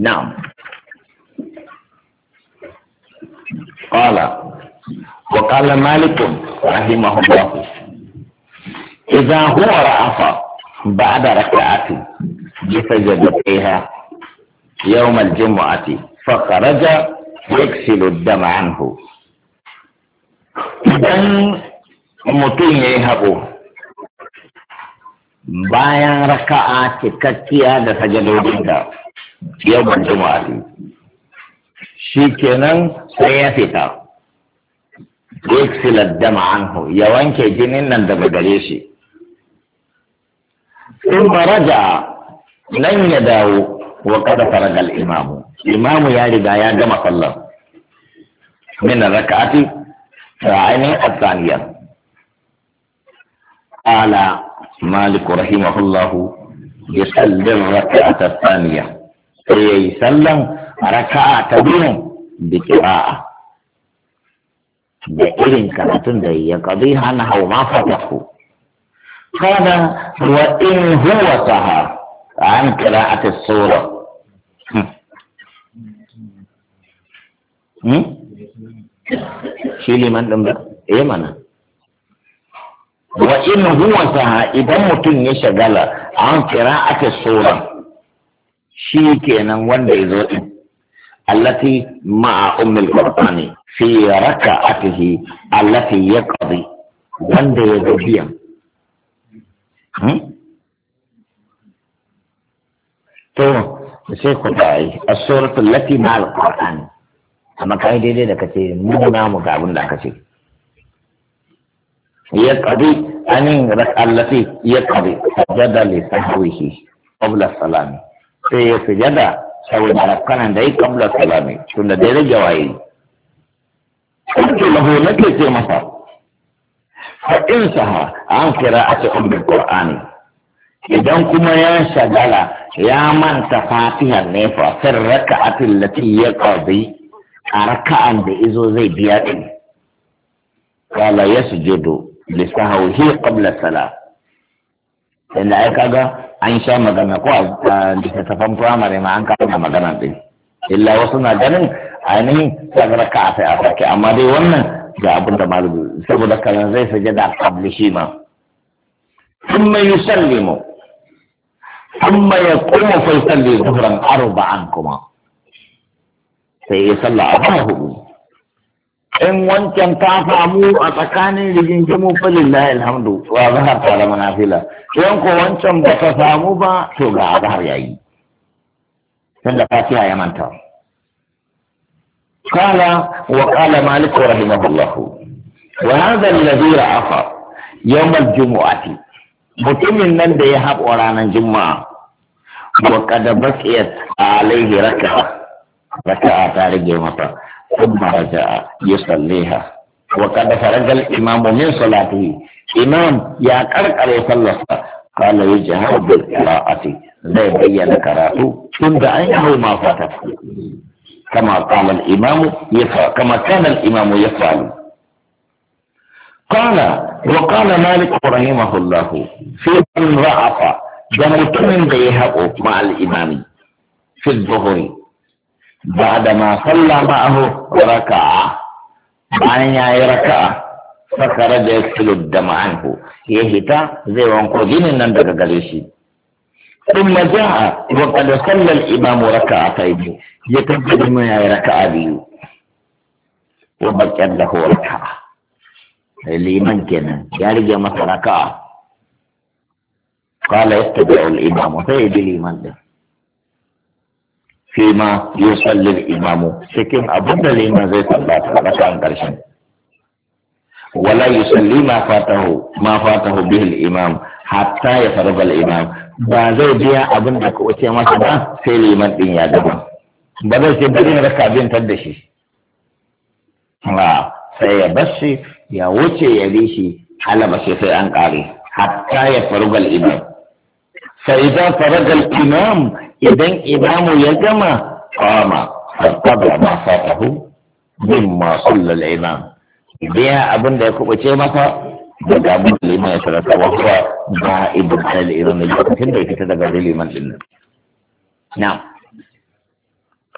نعم قال وقال مالك رحمه الله إذا هو رأف بعد ركعة فيها يوم الجمعة فخرج يكسل الدم عنه إذا mutum يهبوه bayan raka'a cikakkiya da sajadodinta yau ban juma'a shi kenan sai ya fita yaksila dama ma'anhu. ya wanke jinin nan daga gare shi in raja nan ya dawo wa kada faragal imamu imamu ya riga ya gama sallar min raka'ati ta ainihin asaniyar قال مالك رحمه الله يسلم ركعة الثانية أي يسلم ركعة بهم بقراءة بإذن كانتن ذي يقضيها أنها وما فتحه قال وإن هو سهى عن قراءة السورة شيلي من لم يقرأ إيه وإن هو سها إذا متن يشغل عن قراءة السورة شي كينا واندي التي مع أم القرآن في ركعته التي يقضي واندي ذوبيا تو الشيخ قطعي السورة التي مع القرآن أما كاي دي دي دكتي مو نامو كابون دكتي يقضي أن رك التي يقضي سجد لسهوه قبل السلام سيسجد سوى مركان عندي قبل السلام شون دير جوائي قلت له لك في مصر فإن سهى عن قراءة أم القرآن إذا كما ينشغل يا من تفاتيها النفع في الركعة التي يقضي أركان بإذو زي بيادين قال يسجد lisahawihi qabla salah inda ai kaga an sha magana ko a littattafan firamare ma an kama magana din illa wasu na ganin ainihin sagar ka a sai a sake amma dai wannan ga abin da malubu saboda kalan zai sage da qabli shi ma Amma yusallimu thumma yaqumu fa yusalli dhuhran arba'an kuma sai ya salla a hudu in wancan ta samu a tsakanin rigingimu falillahi alhamdu wa zahar mana fila in ko wancan ba ta samu ba to ga zahar yayi tunda fatiha ya manta wa وقال مالك رحمه الله وهذا الذي رأف يوم الجمعة mutumin nan da ya haɓo ranar juma'a wa kada a alaihi raka raka ta rage masa ثم رجع يصليها وقد فرج الإمام من صلاته إمام يا عليه صلى قال يجهر بالقراءة زي بين قراءته كنت عينه ما فاتت كما قال الإمام يفعل كما كان الإمام يفعل قال وقال مالك رحمه الله في من رأف جمعت من بيهقه مع الإمام في الظهر بعد ما صلى معه ركعة bayan ya yi raka'a fakara da ya kilo da ma'anhu ya hita zai wanko jinin nan daga gare shi sun maja'a wa kada sallar imamu raka'a ta yi ya tabbatar mun ya yi raka'a biyu wa bakin da huwa liman kenan ya rige masa raka'a kala yasta sai ya bi liman shi ma ya salli da imamu cikin abin da lima zai tabbata a ƙarshen wala ya salli ma fatahu ma imam hatta ya imam ba zai biya abinda da ka wuce masa ba sai liman ɗin ya gaba ba zai ce bari na raka bintar da shi sai ya bashi ya wuce ya bi shi halaba sai an ƙare hatta ya farba imam fa idan faraja imam idan imamu ya gama kama fastabla ma fa'ahu bin ma sallal imam biya abin da ya kubuce masa da gamu liman ya sarrafa wa kuwa ba ibn alal imam lokacin da ya fita daga liman din nan na'am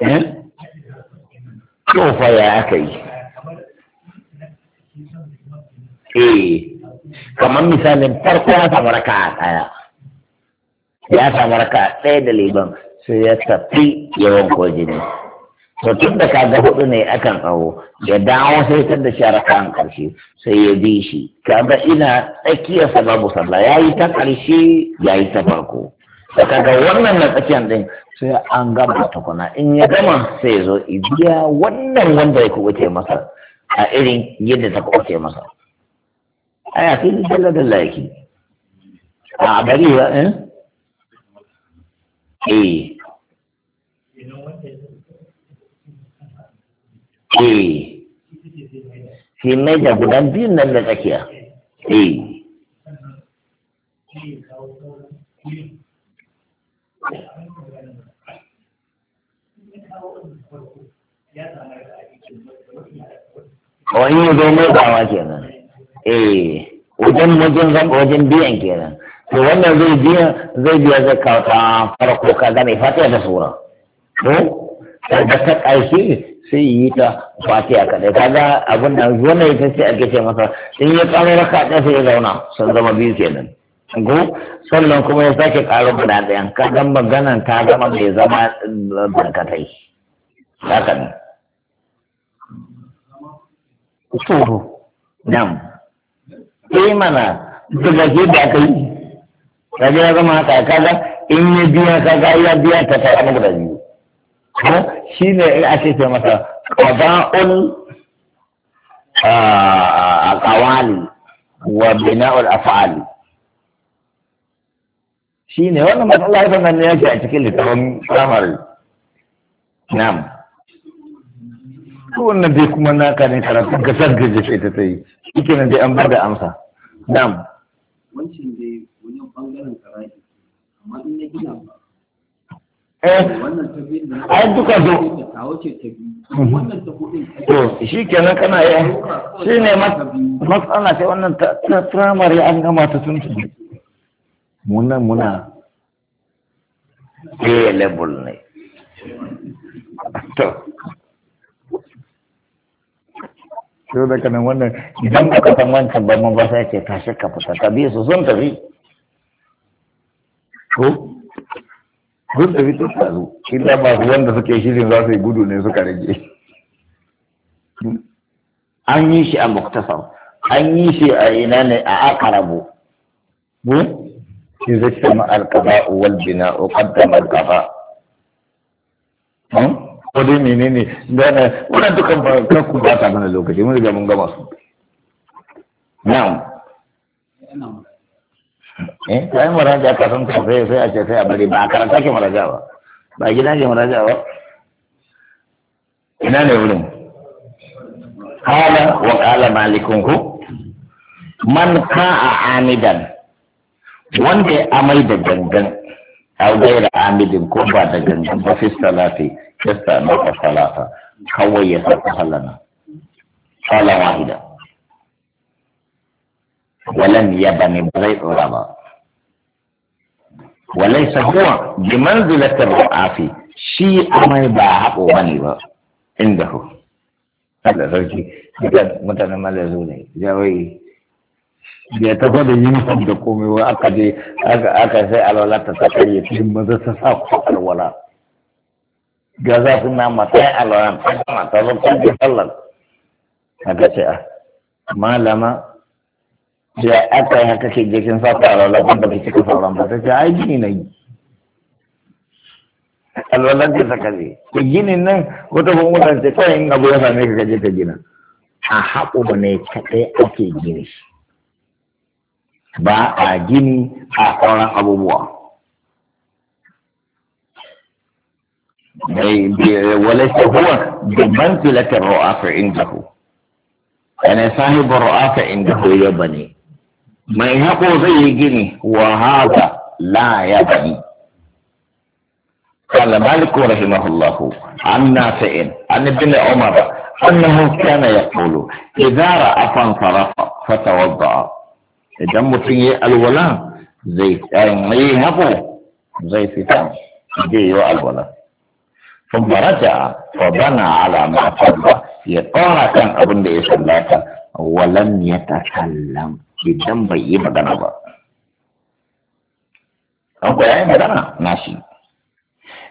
eh to fa ya aka yi eh kamar misalin farko ya samu raka'a daya ya samu raka ɗaya da liban sai ya tafi yawan ko jini to tun da ka ga hudu ne akan tsawo ya dawo sai ta da shara kan karshe sai ya bi shi kaga ina tsakiyar sa babu sallah yayi ta karshe yayi ta farko da kaga wannan na tsakiyar din sai an gama tukuna in ya gama sai ya zo ibiya wannan wanda ya kuɓuce masa a irin yadda ta kuɓuce masa aya sai da dalla dalla yake a bari ba eh eh eh shi mai da gudan biyun nan da tsakiya eh wani ne zai mai damar kenan eh wajen wajen wajen biyan kenan to wannan zai biya zai biya zakka ta farko ka gane fatiha da sura to da ta kaishi sai yi ta fatiha kaɗai kaga abin da zuwa ita ce a ce masa in ya ƙaro raka ɗaya sai ya zauna sun zama biyu kenan go sallan kuma ya sake karo guda ɗayan ka ga maganan ta gama mai zama barkatai haka ne tsoro nan ke eh, mana daga da aka yi kaga ya zama haka kaga in ya biya kaga ya biya ta kai amma da biyu ko shine ake ce sai masa qada'ul aqwali wa bina'ul af'ali shine wannan matsala ita nan ne yake a cikin littafin primary na'am wannan dai kuma naka ne karatu ga da ke ta yi shi kenan dai an bar da amsa na'am wancan bangaren karaji amma in na gina ba eh, wannan ai duka zo mhm. wannan ta to shi kenan kana yi shi ne matsala ce wannan ta firamare an gama ta tun muna muna a level ne to shi da kanan wannan idan ka san wancan ba ma ba sai ta, tashi ka fita ka su sun tafi ko duk da fito ta zo illa masu wanda suke shirin za su yi gudu ne suka rage an yi shi a muktasar an yi shi a ina ne a akarabu mu shi zai ce ma alkaba wal bina o kaddama alkaba hmm? ko dai menene da na wannan dukan ba kanku ba ta mana lokaci mun riga mun gama su na'am eh Sai muraja ka san ta sai sai a ce sai a bari ba karanta ke muraja ba ba gida ke muraja ba ina ne wurin qala wa qala malikun ku man ka'a amidan wanda ya amai da gangan aw gaira amidin ko ba da gangan ba fi salati kasta na ka salata kawai ya saka halana qala wahida walan ya bani ba zai tsora ba وليس هو بمنزلة الرعاف شيء ما يباع وغني عنده هذا زوجي بجد متنا ملزوني جوي ya tafi da uniform da komai wai aka je aka sai alwala ta saka ya fi maza ta sa ku alwala ga za su na mata alwala ta mata zo kan sallar a gace a malama da aka yi kake jikin sa alwalan da kake cika sauran ta sai ai gini na yi alwalan ka saka ne ki gini nan wata ban wutan ce kawai in abu ya same ka kaje ka gina a haƙo ne kaɗai ake gini ba a gini a sauran abubuwa وليس هو بمنزلة الرؤى عنده يعني صاحب الرؤى عنده يبني mai hako zai yi gini wa haza la ya bani قال مالك رحمه الله عن نافع عن ابن عمر انه كان يقول اذا راى فانصرف فتوضا اذا متي الولاء زي اي هبو زي فتان ديو الولاء ثم رجع فبنى على ما فضل يقال كان ابن ليس ولم يتكلم يدم بي مغانا با أبو يأي مغانا ناشي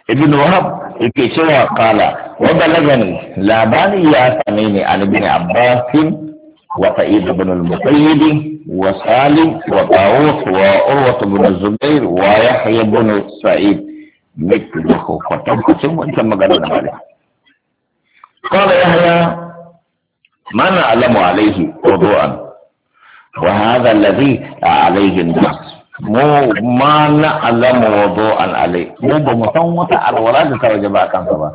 ابن وهب الكيشوة قال وبلغني لاباني يا سميني عن ابن عباس وقيد بن المقيد وسالم وطاووس وعروة بن الزبير ويحيى بن سعيد مثله فتبقى سمو انت مغانا مالي قال يحيى ما نعلم عليه وضوءا وهذا الذي عليه الناس مو ما نعلم وضوءا عليه مو بمصمت على الولاد توجب كان صبا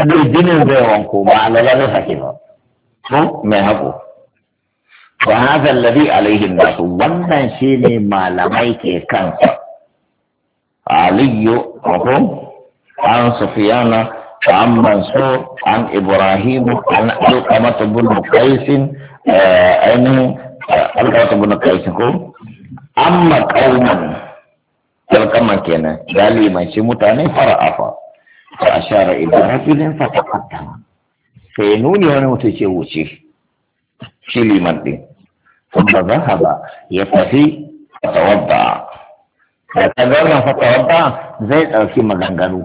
الدين زي وانكو ما على لا نفكي مو ما هبو الذي عليه الناس وانا شيني ما لميك كان علي رحم عن صفيانا عن منصور عن ابراهيم عن علقمة بن قيس آه an ka wata buna kai ko amma kauman talkama kenan galiban shi mutane fara afa. fa ashara ila rajulin fa taqaddama sai nuni wani mutum ce wuce shi liman din kuma zahaba ya tafi fatawadda Ya ta zauna fatawadda zai ɗauki maganganu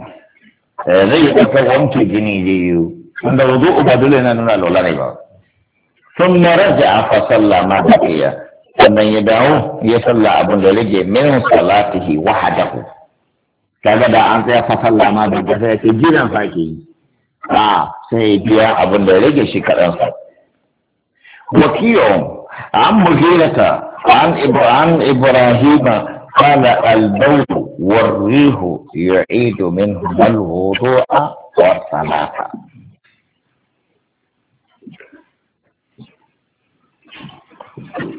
eh, zai yi ɗaukar wanke jini zai yi wanda wuzu ba dole na nuna lola ne ba Sun ثم رجع فصلى ما iya sannan ya dawo ya salla abin da rage min salatihi wahadahu kaga da an tsaya fa salla ma bai ga sai ce gidan fa ke yi a sai biya abin da rage shi kaɗan sa wakiyo an muhirata an ibrahim ibrahim kana albawu والريح يعيد منه الوضوء والصلاة Thank you.